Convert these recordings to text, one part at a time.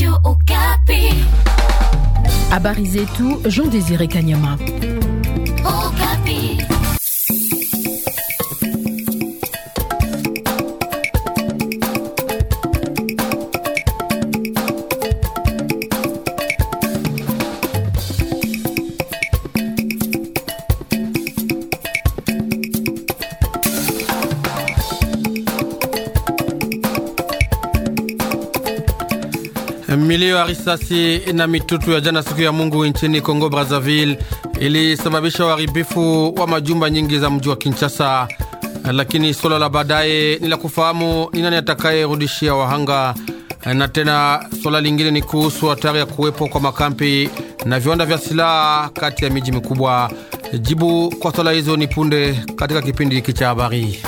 Radio Okapi. Habari tout, Jean-Désiré Kanyama. Milio ya risasi na mitutu ya jana siku ya Mungu nchini Kongo Brazzaville ilisababisha uharibifu wa majumba nyingi za mji wa Kinshasa, lakini swala la baadaye ni la kufahamu ni nani atakayerudishia wahanga, na tena swala lingine ni kuhusu hatari ya kuwepo kwa makampi na viwanda vya silaha kati ya miji mikubwa. Jibu kwa swala hizo ni punde katika kipindi hiki cha habari.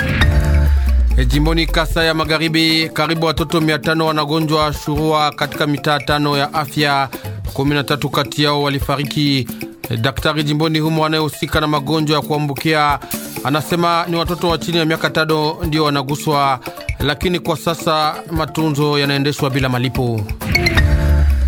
Eh, jimboni kasa ya Magharibi, karibu watoto 500 wanagonjwa shurua katika mitaa tano ya afya, 13 kati yao walifariki. Eh, daktari jimboni humo anayehusika na magonjwa ya kuambukia anasema ni watoto wa chini ya miaka tano ndio wanaguswa, lakini kwa sasa matunzo yanaendeshwa bila malipo.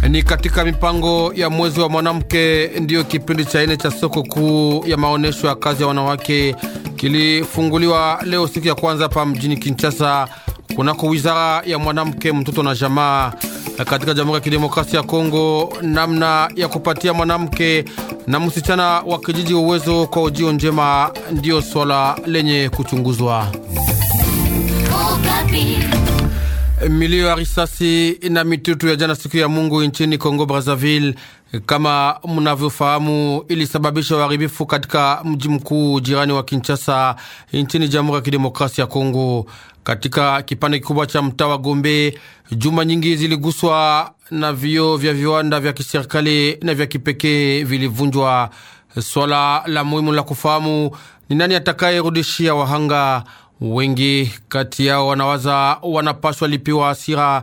Eh, ni katika mipango ya mwezi wa mwanamke, ndiyo kipindi cha ine cha soko kuu ya maonyesho ya kazi ya wanawake kilifunguliwa leo siku ya kwanza hapa mjini Kinshasa kunako wizara ya mwanamke, mtoto na jamaa katika Jamhuri ya Kidemokrasia ya Kongo, namna ya kupatia mwanamke na msichana wa kijiji uwezo kwa ujio njema ndiyo swala lenye kuchunguzwa. Milio ya risasi na mitutu ya jana siku ya Mungu nchini Kongo Brazzaville kama mnavyofahamu, ilisababisha uharibifu katika mji mkuu jirani wa Kinshasa nchini Jamhuri ya Kidemokrasia ya Kongo. Katika kipande kikubwa cha mtaa wa Gombe, juma nyingi ziliguswa na vioo vya viwanda vya kiserikali na vya kipekee vilivunjwa. Swala la muhimu la kufahamu ni nani atakayerudishia wahanga. Wengi kati yao wanawaza wanapaswa lipiwa hasira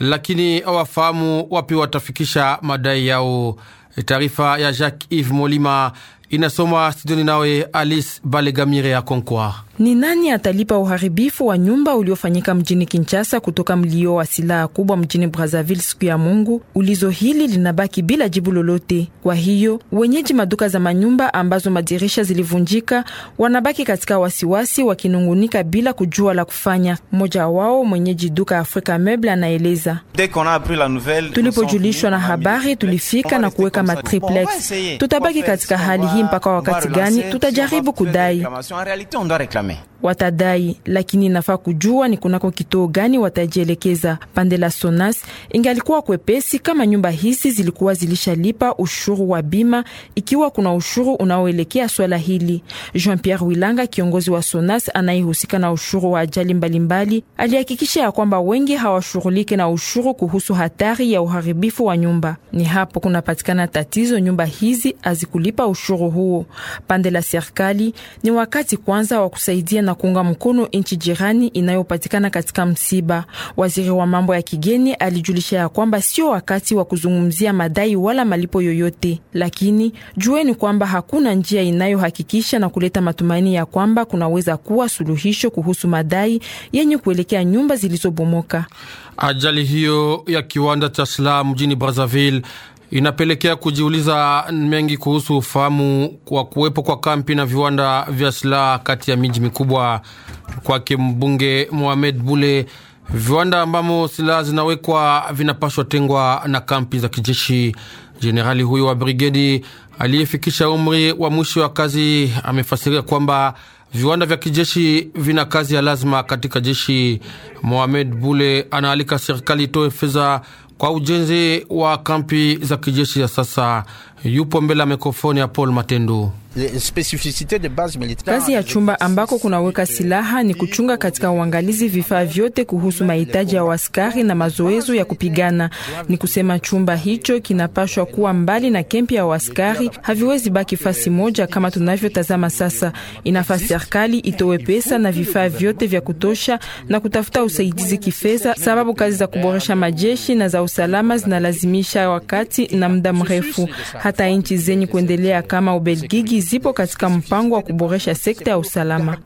lakini awafahamu wapi watafikisha madai yao. E, taarifa ya Jacques Yves Molima inasoma studioni nawe Alice Balegamire ya Konkwa. Ni nani atalipa uharibifu wa nyumba uliofanyika mjini Kinshasa kutoka mlio wa silaha kubwa mjini Brazzaville siku ya Mungu? Ulizo hili linabaki bila jibu lolote. Kwa hiyo wenyeji maduka za manyumba ambazo madirisha zilivunjika wanabaki katika wasiwasi, wakinungunika bila kujua la kufanya. Mmoja wao mwenyeji duka ya Afrika Meuble anaeleza: tulipojulishwa na habari, tulifika na kuweka matriplex. Tutabaki katika hali hii mpaka wakati gani tutajaribu kudai? watadai, lakini inafaa kujua ni kunako kituo gani watajielekeza. Pande la Sonas ingalikuwa kwepesi kama nyumba hizi zilikuwa zilishalipa ushuru wa bima, ikiwa kuna ushuru unaoelekea swala hili. Jean Pierre Wilanga, kiongozi wa Sonas anayehusika na ushuru wa ajali mbalimbali, alihakikisha ya kwamba wengi hawashughulike na ushuru kuhusu hatari ya uharibifu wa nyumba. Ni hapo kunapatikana tatizo, nyumba hizi hazikulipa ushuru huo. Pande la serikali, ni wakati kwanza wa kusaidia na kuunga mkono nchi jirani inayopatikana katika msiba. Waziri wa mambo ya kigeni alijulisha ya kwamba sio wakati wa kuzungumzia madai wala malipo yoyote, lakini jueni kwamba hakuna njia inayohakikisha na kuleta matumaini ya kwamba kunaweza kuwa suluhisho kuhusu madai yenye kuelekea nyumba zilizobomoka. Ajali hiyo ya kiwanda cha silaha mjini Brazzaville inapelekea kujiuliza mengi kuhusu ufahamu wa kuwepo kwa kampi na viwanda vya silaha kati ya miji mikubwa. Kwake mbunge Mohamed Bule, viwanda ambamo silaha zinawekwa vinapaswa tengwa na kampi za kijeshi. Jenerali huyo wa brigedi aliyefikisha umri wa mwisho wa kazi amefasiria kwamba viwanda vya kijeshi vina kazi ya lazima katika jeshi. Mohamed Bule anaalika serikali itoe fedha kwa ujenzi wa kampi za kijeshi ya sasa yupo mbele ya mikrofoni ya Paul Matendu. Kazi ya chumba ambako kunaweka silaha ni kuchunga katika uangalizi vifaa vyote kuhusu mahitaji ya waskari na mazoezo ya kupigana. Ni kusema chumba hicho kinapashwa kuwa mbali na kempi ya waskari, haviwezi baki fasi moja kama tunavyotazama sasa. Inafaa serikali itowe pesa na vifaa vyote vya kutosha na kutafuta usaidizi kifedha, sababu kazi za kuboresha majeshi na za usalama zinalazimisha wakati na muda mrefu. Hata nchi zenye kuendelea kama Ubelgiji zipo katika mpango wa kuboresha sekta ya usalama.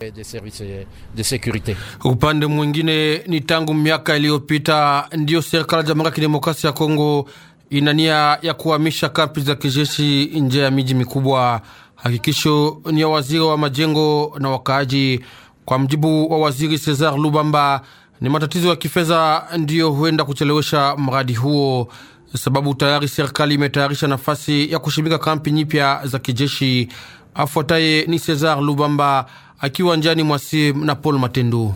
Upande mwingine, ni tangu miaka iliyopita ndiyo serikali ya Jamhuri ya Kidemokrasia ya Kongo ina nia ya kuhamisha kampi za kijeshi nje ya miji mikubwa. Hakikisho ni ya waziri wa majengo na wakaaji. Kwa mjibu wa waziri Cesar Lubamba, ni matatizo ya kifedha ndiyo huenda kuchelewesha mradi huo sababu tayari serikali imetayarisha nafasi ya kushimika kampi nyipya za kijeshi. Afuataye ni Cesar Lubamba akiwa njani mwasim na Paul matendu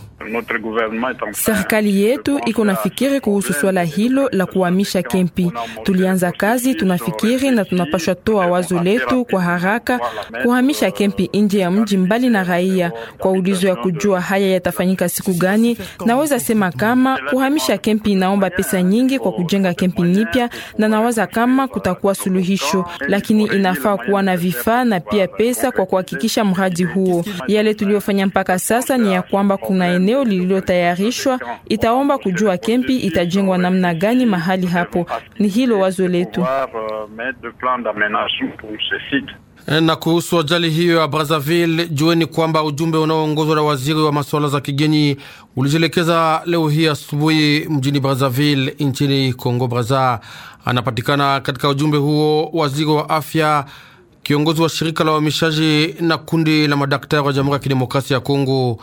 Serikali yetu iko nafikiri kuhusu swala hilo la kuhamisha kempi. Tulianza kazi, tunafikiri na tunapashwa toa wazo letu kwa haraka kuhamisha kempi nje ya mji, mbali na raia. Kwa ulizo ya kujua haya yatafanyika siku gani, naweza sema kama kuhamisha kempi inaomba pesa nyingi kwa kujenga kempi nyipya, na nawaza kama kutakuwa suluhisho, lakini inafaa kuwa na vifaa na pia pesa kwa kuhakikisha mradi huo. Yale tuliyofanya mpaka sasa ni ya kwamba kuna eneo eneo lililotayarishwa itaomba kujua kempi itajengwa namna gani mahali hapo. Ni hilo wazo letu. Eh, na kuhusu ajali hiyo ya Brazzaville, jueni kwamba ujumbe unaoongozwa na waziri wa masuala za kigeni ulijielekeza leo hii asubuhi mjini Brazzaville nchini congo braza Anapatikana katika ujumbe huo waziri wa afya, kiongozi wa shirika la uhamishaji na kundi la madaktari wa Jamhuri ya Kidemokrasia ya Kongo.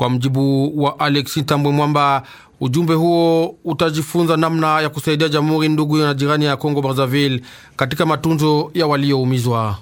Kwa mjibu wa Alexi Tambwe Mwamba, ujumbe huo utajifunza namna ya kusaidia jamhuri ndugu na jirani ya Kongo Brazzaville katika matunzo ya walioumizwa.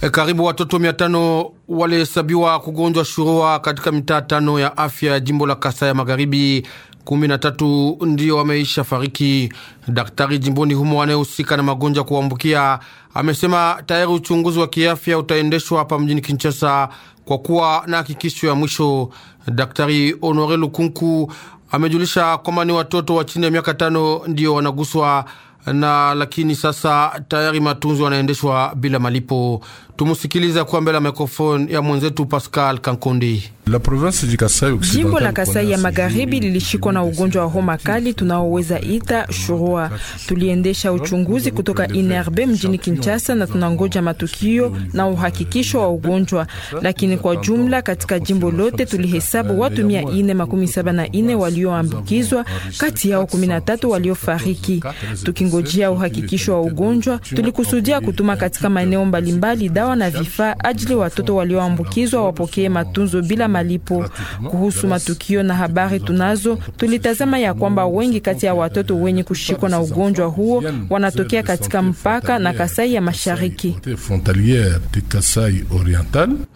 E, karibu watoto mia tano walihesabiwa kugonjwa shurua katika mitaa tano ya afya ya jimbo la Kasai ya Magharibi. Kumi na tatu ndiyo wameisha fariki. Daktari jimboni humo anayehusika na magonjwa kuambukia amesema tayari uchunguzi wa kiafya utaendeshwa hapa mjini Kinshasa kwa kuwa na hakikisho ya mwisho. Daktari Honore Lukunku amejulisha kwamba ni watoto wa chini ya miaka tano ndio wanaguswa na, lakini sasa tayari matunzo yanaendeshwa bila malipo. Tumusikiliza kwa mbele ya mikrofoni ya mwenzetu Pascal Kankundi. La Kasai jimbo la Kasai ya magharibi lilishikwa na ugonjwa wa homa kali tunaoweza ita shurua. Tuliendesha uchunguzi kutoka INRB mjini Kinshasa na tunangoja matukio na uhakikisho wa ugonjwa, lakini kwa jumla katika jimbo lote tulihesabu watu mia ine makumi saba na ine walioambukizwa, kati yao kumi na tatu waliofariki. Tukingojea uhakikisho wa ugonjwa, tulikusudia kutuma katika maeneo mbalimbali dawa na vifaa ajili watoto walioambukizwa wapokee matunzo bila malipo. Kuhusu matukio na habari tunazo, tulitazama ya kwamba wengi kati ya watoto wenye kushikwa na ugonjwa huo wanatokea katika mpaka na Kasai ya Mashariki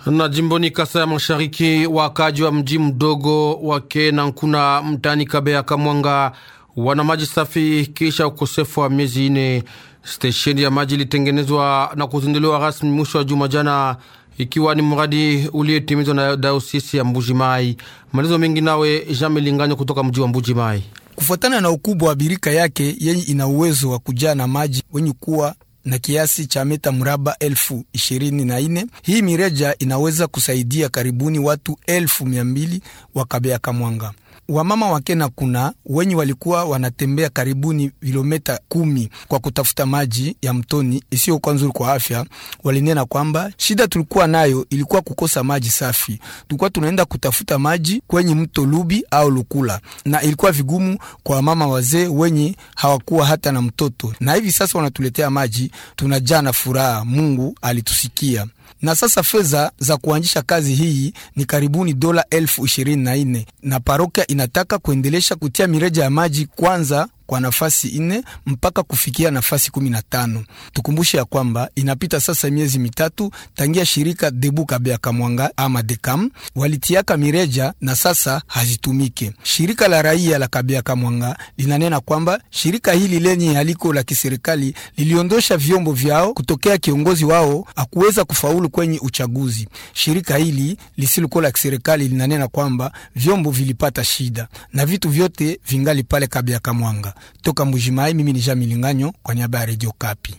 na jimboni Kasai ya Mashariki. wakaji wa mji mdogo na nkuna mtani Kabeya Kamwanga wana maji safi kisha ukosefu wa miezi ine. Stesheni ya maji ilitengenezwa na kuzinduliwa rasmi mwisho wa juma jana, ikiwa ni mradi uliyetimizwa na dayosisi ya Mbuji Mai. Maelezo mengi nawe Jean Melinganyo kutoka mji wa Mbuji Mai. Kufuatana na ukubwa wa birika yake yenye ina uwezo wa kujaa na maji wenye kuwa na kiasi cha meta mraba elfu ishirini na nne. Hii mireja inaweza kusaidia karibuni watu elfu mia mbili wa Kabeya Kamwanga. Wamama wakena kuna wenye walikuwa wanatembea karibuni vilometa kumi kwa kutafuta maji ya mtoni isiyokuwa nzuri kwa afya. Walinena kwamba shida tulikuwa nayo ilikuwa kukosa maji safi. Tulikuwa tunaenda kutafuta maji kwenye mto Lubi au Lukula, na ilikuwa vigumu kwa wamama wazee wenye hawakuwa hata na mtoto, na hivi sasa wanatuletea maji. Tunajaa na furaha, Mungu alitusikia na sasa fedha za kuanzisha kazi hii ni karibuni dola elfu ishirini na nne na parokia inataka kuendelesha kutia mireja ya maji kwanza kwa nafasi ine mpaka kufikia nafasi kumi na tano. Tukumbushe ya kwamba inapita sasa miezi mitatu tangia shirika Debu Kabea Kamwanga ama Dekam walitiaka mireja na sasa hazitumike. Shirika la raia la Kabea Kamwanga linanena kwamba shirika hili lenye haliko la kiserikali liliondosha vyombo vyao kutokea kiongozi wao akuweza kufaulu kwenye uchaguzi. Shirika hili lisilokuwa la kiserikali linanena kwamba vyombo vilipata shida na vitu vyote vingali pale Kabea Kamwanga. Toka Mbujimai, mimi ni Jean Milinganyo kwa niaba ya Radio Kapi.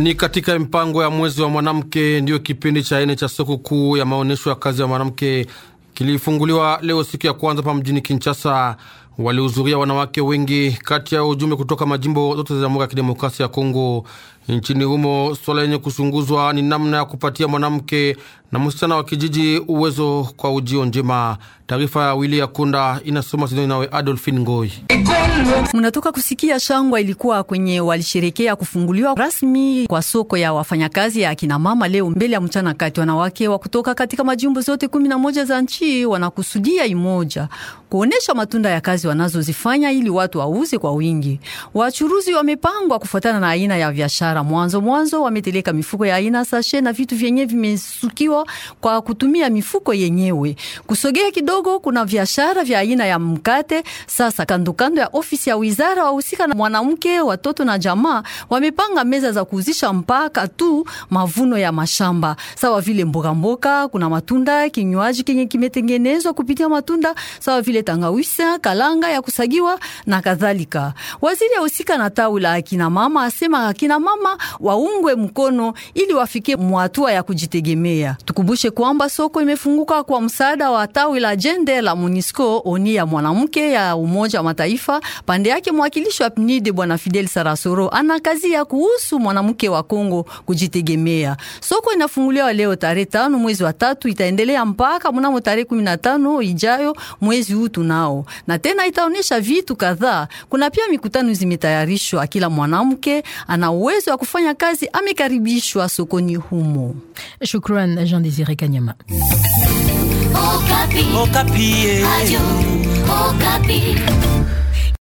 Ni katika mpango ya mwezi wa mwanamke, ndiyo kipindi cha ine cha soko kuu ya maonyesho ya kazi ya mwanamke kilifunguliwa leo siku ya kwanza pa mjini Kinshasa walihudhuria wanawake wengi kati ya ujumbe kutoka majimbo zote za Jamhuri ya Kidemokrasia ya Kongo. Nchini humo swala yenye kuchunguzwa ni namna ya kupatia mwanamke na msichana wa kijiji uwezo kwa ujio njema. Taarifa ya Wili ya Kunda inasoma Sidoni nawe Adolfin Ngoi. Mnatoka kusikia shangwa ilikuwa kwenye walisherekea kufunguliwa rasmi kwa soko ya wafanyakazi ya akinamama leo mbele ya mchana kati. Wanawake wa kutoka katika majimbo zote kumi na moja za nchi wanakusudia imoja kuonesha matunda ya kazi wanazozifanya ili watu wauze kwa wingi. Wachuruzi wamepangwa kufuatana na aina ya biashara. Mwanzo mwanzo wameteleka mifuko ya aina sashe na vitu vyenye vimesukiwa kwa kutumia mifuko yenyewe. Kusogea kidogo, kuna biashara vya aina ya mkate. Sasa kando kando ya ofisi ya wizara, wahusika na mwanamke, watoto na jamaa wamepanga meza za kuuzisha mpaka tu mavuno ya mashamba, sawa vile mboga kuna matunda, kinywaji kenye kimetengenezwa kupitia matunda, sawa vile tangawisa, kalanga ya kusagiwa na kadhalika. Waziri ahusika na tawi la akina mama asema akina mama waungwe mkono ili wafike mwatua ya kujitegemea. Tukumbushe kwamba soko imefunguka kwa msaada wa tawi la jende la MONUSCO, oni ya mwanamke ya Umoja wa Mataifa. Pande yake mwakilishi wa PNID bwana Fidel Sarasoro ana kazi ya kuhusu mwanamke wa Kongo kujitegemea. Soko inafunguliwa leo tarehe tano mwezi wa tatu, itaendelea mpaka mnamo tarehe 15 ijayo mwezi huu nao, na tena itaonyesha vitu kadhaa. Kuna pia mikutano zimetayarishwa, kila mwanamke ana uwezo wa kufanya kazi, amekaribishwa sokoni humo. Shukran Jean Desire Kanyama. Okapi. Okapi. Eh. Okapi.